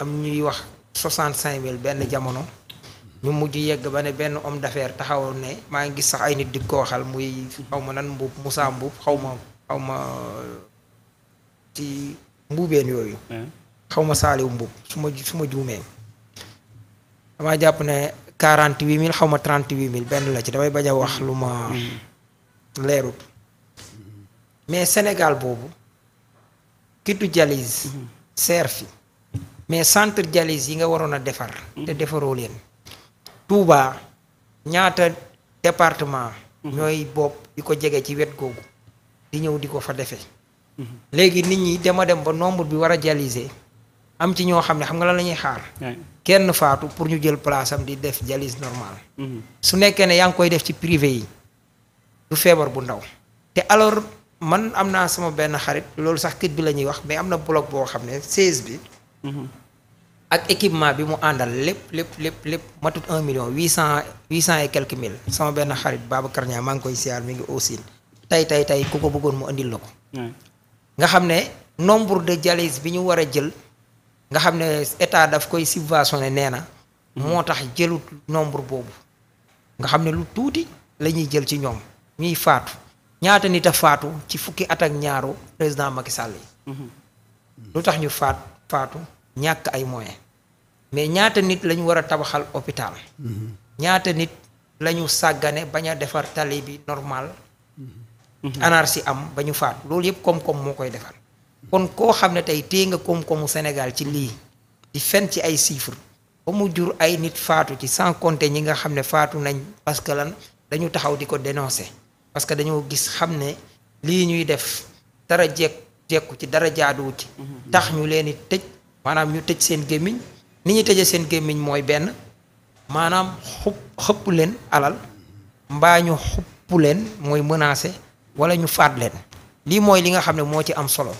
am ñuy wax soixante cinq mille benn jamono ñu mujj yegg ba ne benn homme d'affaires taxaw ne maa ngi gis sax ay nit di ko waxal muy xaw ma nan mbuub musaa Mbuub xaw ma xaw ci mbuubeen yooyu xaw ma saaliw mbuub su ma su ma juumee damaa jàpp ne quarante huit mille xaw ma trente huit mille benn la ci damay bañ a wax lu ma leerut mais Sénégal boobu kitu jalis mhm. seer fi mais centre dialyse yi nga waroon a defar. te defaroo leen. Touba ñaata département. ñooy bopp di ko jege ci wet googu. di ñëw di ko fa defee. léegi nit ñi dama dem ba nombre bi war a dialyser am ci ñoo xam ne xam nga lan la ñuy xaar. kenn faatu pour ñu jël place am di def jalise normal. Mhm. su nekkee ne yaa ngi koy def ci privé yi du feebar bu ndaw. te alors man am naa sama benn xarit loolu sax kit bi la ñuy wax mais am na bloc boo xam ne 16 bi. Mhm. ak équipement bi mu àndal lépp lépp lépp lépp matut un million huit cent huit cent et quelques mille sama benn xarit Babacar Niang maa ngi koy siyaar mi ngi aussin tey tey tey ku ko bëggoon mu indil la ko nga xam ne nombre de dialyse bi ñu war a jël nga xam ne état daf koy subventionné nee na mm-hmm. moo tax jëlu nombre boobu nga xam ne lu tuuti la ñuy jël ci ñoom ñuy faatu ñaata nit a faatu ci fukki at ak ñaaru président Macky Sall yi mm-hmm. lu tax ñu faat faatu ñàkk ay moyen mais ñaata nit lañu war a tabaxal hôpital mm-hmm. ñaata nit lañu sàggane bañ a defar tali bi normal si mm-hmm. am bañu ñu faat loolu yëpp koom-koom moo koy defar kon koo xam ne tey téye nga koom-koomu Sénégal ci lii di fen ci ay chiffres ba mu jur ay nit faatu ci sans compter ñi nga xam ne faatu nañ parce que lan dañu taxaw di ko dénoncer parce que dañoo gis xam ne lii ñuy def dara jekk jekku ci dara jaaduwu ci mm-hmm. tax ñu leen di tëj maanaam ñu tëj seen gémmiñ ni ñu tëjee seen gémmiñ mooy benn maanaam xup xëpp leen alal mbaa ñu xupp leen mooy menacer wala ñu faat leen lii mooy li nga xam ne moo ci am solo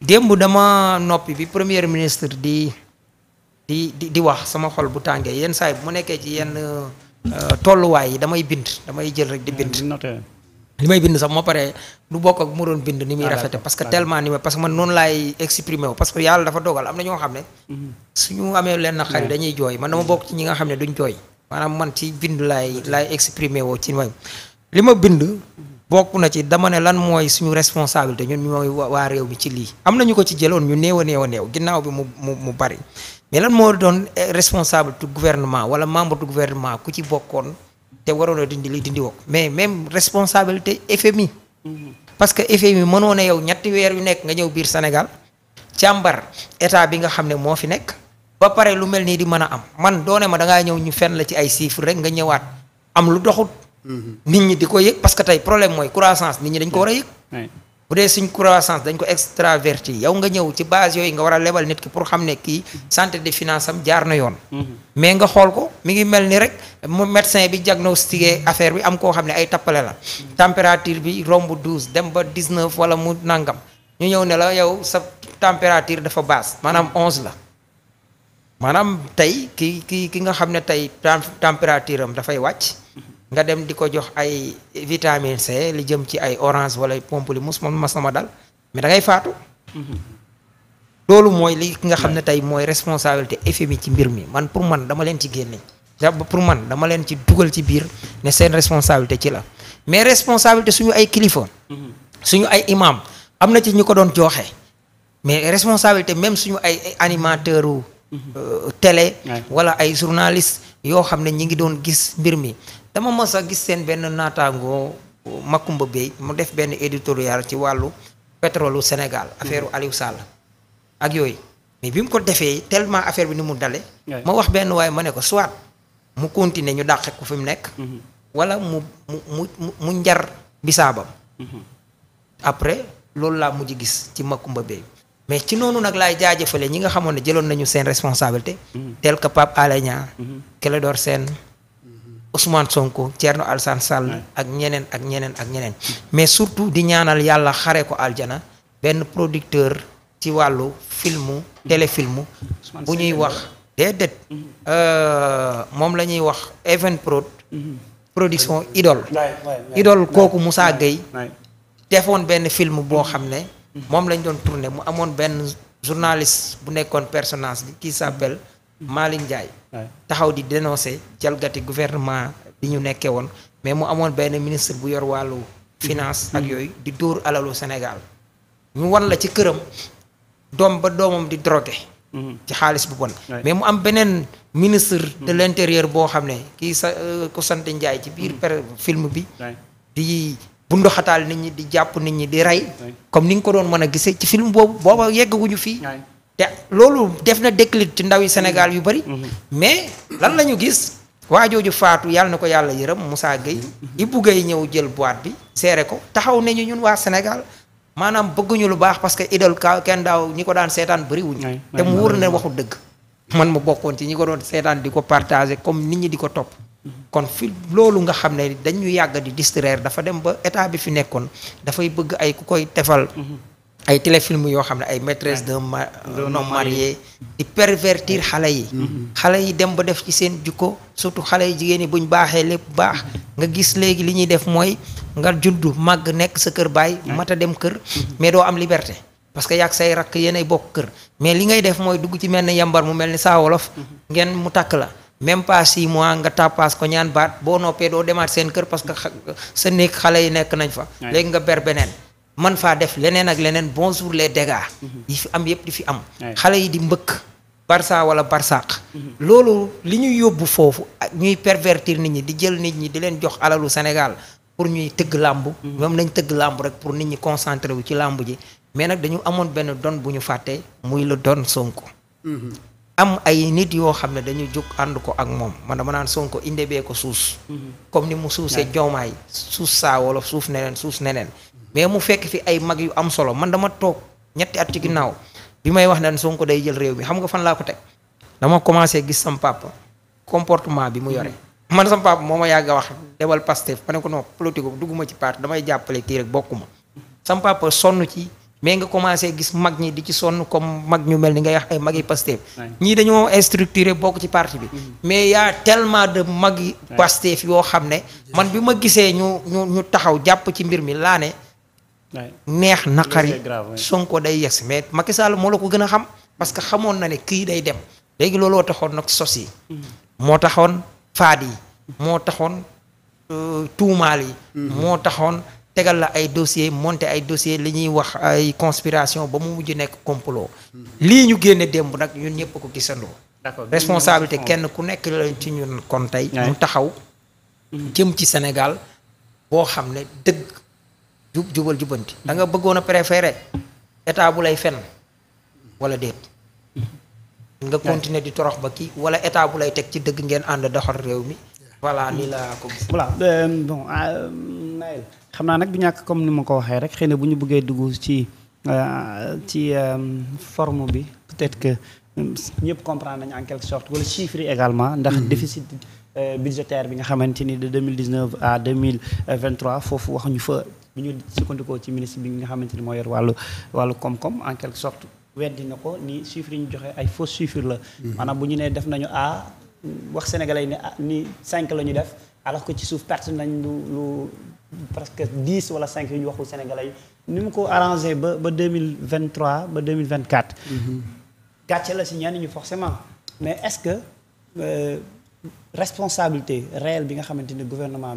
démb dama noppi bi première ministre di di di di wax sama xol bu tàngee yenn saa yi bu mu nekkee ci yenn euh, tolluwaay yi damay bind damay jël rek di bind li may bind sax moo pare du bokk ak mu doon bind ni muy ah, rafete parce que ah, tellement ni ma parce que man noonu laay exprimer parce que yàlla dafa dogal am na ñoo xam ne mhm. ñu amee leen na xarit dañuy jooy man dama bokk ci ñi nga xam ne duñ jooy maanaam man ci bind laay laay exprimer woo ci may li ma bind bokk na ci dama ne lan mooy suñu ñu ñun mooy waa réew mi ci lii am nañu ko ci jëloon ñu néew a néew a ginnaaw bi mu mu mu bari mais lan moo doon eh, responsable tu gouvernement wala membre du gouvernement ku ci bokkoon te waruloo dindi li dindi woo mais même responsabilité FMI. parce que FMI mënoo na yow ñetti weer yu nekk nga ñëw biir Sénégal càmbar état bi nga xam ne moo fi nekk. ba pare lu mel nii di mën a am man doone ma da ñëw ñu fen la ci ay chiffres rek nga ñëwaat am lu doxut. Mm-hmm. nit ñi di ko yëg parce que tey problème mooy croissance nit ñi dañ ko war a yëg. bu dee suñ croissance dañ ko extraverti yow nga ñëw ci base yooyu nga war a lebal nit ki pour xam ne kii santé de finance am jaar na yoon. Mhm. mais nga xool ko mi ngi mel ni rek mu médecin bi diagnostiqué affaire bi am koo xam ne ay tappale la. température bi romb douze dem ba dix neuf wala mu nangam ñu ñëw ne la yow sa température dafa basse maanaam onze la. maanaam tey ki ki ki nga xam ne tey température am dafay wàcc nga dem di ko jox ay vitamine C li jëm ci ay orange wala pompe li ma moom dal mais da ngay faatu loolu mooy li nga xam ne tey mooy responsabilité FMI ci mbir mi man pour man dama leen ci génne pour man dama leen ci dugal ci biir ne seen responsabilité ci la mais responsabilité suñu ay kilifa suñu ay imam am na ci ñu ko doon joxe mais responsabilité même suñu ay animateur u mhm. euh, télé wala ay journaliste yoo xam ne ñi ngi doon gis mbir mi dama mos a gis seen benn naataango Makumba Bey mu def benn éditorial ci wàllu pétrole Sénégal affaire mhm. Aliou Sall ak yooyu mais bi mu ko defee tellement affaire bi ni mu dale ma wax benn waaye ma ne ko soit mu continuer ñu dàqe ko fi mu nekk mhm. wala mu mu mu mu njar bisaabam mhm. après loolu laa mujj gis ci Makumba Bey mais ci noonu nag laay jaajëfale ñi nga xamoon ne jëloon nañu seen responsabilité tel que Pape Alé Niang Clédor Sène Ousmane Sonko Thierno Alassane Sall. ak ñeneen ak ñeneen ak ñeneen. mais surtout di ñaanal yàlla xare ko aljana benn producteur ci wàllu filmu téléfilmu. bu ñuy wax déedéet. Euh, moom la ñuy wax Even Prod. production Idole. Idole kooku Moussa Gueye. defoon benn film boo mm-hmm. xam ne. Mm-hmm. moom lañ doon tourné mu amoon benn journaliste bu nekkoon personnage bi qui s'appelle Malick Ndiaye taxaw di dénoncer jalgati gouvernement bi ñu nekkee woon mais mu amoon benn ministre bu yor wàllu finance ak yooyu di dóor alalu Sénégal ñu wan la ci këram doom ba doomam di drogué mhm. ci xaalis bu bon mais mu am beneen ministre de mhm. l'intérieur boo xam ne kii sa euh, ku sant Ndiaye ci biir mhm. per film bi di bundoxataal nit ñi di jàpp nit ñi di rey comme ni nga ko doon mën a gisee ci film boobu booba yeggaguñu fii te loolu def na déclic ci ndaw yi Sénégal yu bëri. Mhm. mais lan la ñu gis. waa jooju faatu yàlla na ko yàlla yërëm Moussa Gueye. Mhm. Ibou gay ñëw jël boîte bi. seere ko taxaw nañu ñun waa Sénégal maanaam bëgguñu lu baax parce que idol ka kenn daaw ñi ko daan seetaan bëriwuñu. te mu wóor ne waxu dëgg. man ma bokkoon ci ñi ko doon seetaan di ko partagé comme nit ñi di ko topp. Mhm. kon fi loolu nga xam ne dañu yàgg di distraire dafa dem ba état bi fi nekkoon dafay bëgg ay ku koy tefal. ay téléfilm yoo xam ne ay maîtresse d'un homme marié di pervertir xale yi mm-hmm. xale yi dem ba def ci seen jukko surtout xale yi jigéen yi buñ baaxee lépp baax mm-hmm. nga gis léegi li ñuy def mooy nga juddu màgg nekk sa kër baay mat a dem kër mm-hmm. mais doo am liberté parce que yàgg say rakk yéenay bokk kër mais li ngay def mooy dugg ci mel ni yambar mu mel ni saa wolof ngeen mu takk la même pas yi mois nga tappaas ko ñaan baat boo noppee doo demaat seen kër parce que sa néeg xale yi nekk nañ fa léegi nga ber beneen man faa def leneen ak leneen bonjour les dégâts. Mhm. yi fi am yëpp di fi am. xale yi di mbëkk. barça wala barsaq. Mhm. loolu li ñuy yóbbu foofu ah, ñuy pervertir nit ñi di jël nit ñi di leen jox alalu Sénégal pour ñuy tëgg làmb. Mhm. ñoom nañ tëgg làmb rek pour nit ñi concentré wu ci làmb ji mais nag dañu amoon benn don bu ñu fàttee muy la don Sonko. am ay nit yoo xam ne dañu jóg ànd ko ak moom man dama naan Sonko indebee ko suus. comme ni mu suusee joomaay suus saa wala suuf neneen suus neneen. mais mu fekk fi ay mag yu am solo man dama toog ñetti at ci ginnaaw bi may wax naan Sonko day jël réew mi xam nga fan laa ko teg dama commencé gis sam comportement bi mu yore. man sam papa moo ma yàgg a wax debal Pastef ma ne ko non politique dugguma ci parti damay jàppale kii rek bokkuma sam papa sonn ci. mais nga commencé gis mag ñi di ci sonn comme mag ñu mel ni ngay wax ay mag yi Pastef ñii dañoo instructuré bokk ci parti bi mhm. mais y a de mag yi Pastef yoo xam ne man bi ma gisee ñu ñu taxaw jàpp ci mbir mi laa ne neex naqari Sonko day yegsi mais Macky Sall moo la ko gën a xam parce que xamoon na ne kii day dem léegi looloo taxoon nag sos yi mm. moo taxoon faat yi mm. moo taxoon euh, tuumaal yi mm. moo taxoon tegal la ay dossier monté ay dossier li ñuy wax ay conspiration ba mu mujj nekk complot lii ñu génne démb nag ñun ñëpp ko gisandoo responsabilité kenn ku nekk la ci ñun kon tey mu taxaw jëm ci Sénégal boo xam ne dëgg jub jubal jubanti da nga bëggoon a préféré état bu lay fen wala déet nga continuer di torox ba kii wala état bu lay teg ci dëgg ngeen ànd doxal réew mi voilà lii laa ko voilà euh, bon euh, Naël xam naa nag du ñàkk comme ni ma ko waxee rek xëy na bu ñu bëggee duggu ci euh, ci forme bi peut-être que ñëpp comprendre nañu en quelque sorte wala chiffre yi également ndax mm-hmm. déficit budgétaire bi nga xamante ni de mille 2019 à mille 2023 foofu waxuñu fa bu ñu sukkandikoo ci ministre bi nga xamante ni moo yor wàllu wàllu koom-koom en quelque sorte weddi na ko nii chiffres yi ñu joxe ay faux chiffres la. Mhm. maanaam bu ñu nee def nañu a wax sénégalais ni ni cinq la ñu def alors que ci suuf perte nañ lu lu presque dix wala cinq yu ñu waxul sénégalais ni mu ko arrangé ba ba deux mille vingt trois ba deux mille vingt quatre. Mhm. gàcce la si ñaan ñenn ñu forcément mais est-ce que euh, responsabilité réelle bi nga xamante ni gouvernement